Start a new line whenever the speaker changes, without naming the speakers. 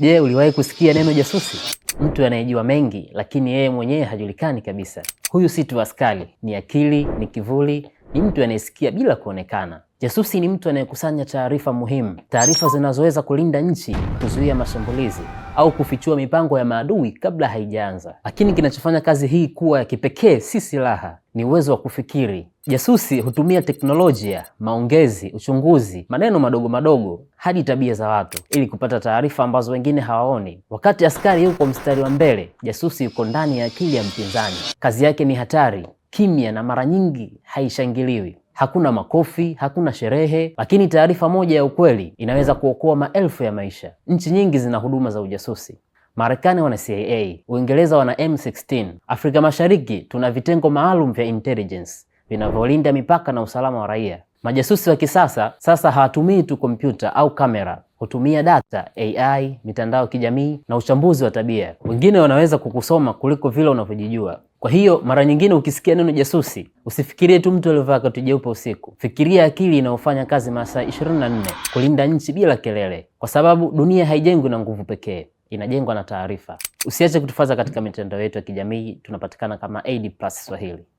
Je, uliwahi kusikia neno jasusi? Mtu anayejua mengi lakini yeye mwenyewe hajulikani kabisa. Huyu si tu askari, ni akili, ni kivuli ni mtu anayesikia bila kuonekana. Jasusi ni mtu anayekusanya taarifa muhimu, taarifa zinazoweza kulinda nchi, kuzuia mashambulizi au kufichua mipango ya maadui kabla haijaanza. Lakini kinachofanya kazi hii kuwa ya kipekee si silaha, ni uwezo wa kufikiri. Jasusi hutumia teknolojia, maongezi, uchunguzi, maneno madogo madogo hadi tabia za watu ili kupata taarifa ambazo wengine hawaoni. Wakati askari yuko mstari wa mbele, jasusi yuko ndani ya akili ya mpinzani. Kazi yake ni hatari, kimya na mara nyingi haishangiliwi. Hakuna makofi, hakuna sherehe, lakini taarifa moja ya ukweli inaweza kuokoa maelfu ya maisha. Nchi nyingi zina huduma za ujasusi. Marekani wana CIA, Uingereza wana M16. Afrika Mashariki tuna vitengo maalum vya intelligence vinavyolinda mipaka na usalama wa raia. Majasusi wa kisasa sasa hawatumii tu kompyuta au kamera, hutumia data, AI, mitandao ya kijamii na uchambuzi wa tabia. Wengine wanaweza kukusoma kuliko vile unavyojijua. Kwa hiyo mara nyingine ukisikia neno jasusi, usifikirie tu mtu aliyovaa koti jeupe usiku. Fikiria akili inayofanya kazi masaa 24 kulinda nchi bila kelele, kwa sababu dunia haijengwi na nguvu pekee, inajengwa na taarifa. Usiache kutufaza katika mitandao yetu ya kijamii, tunapatikana kama AD+ Swahili.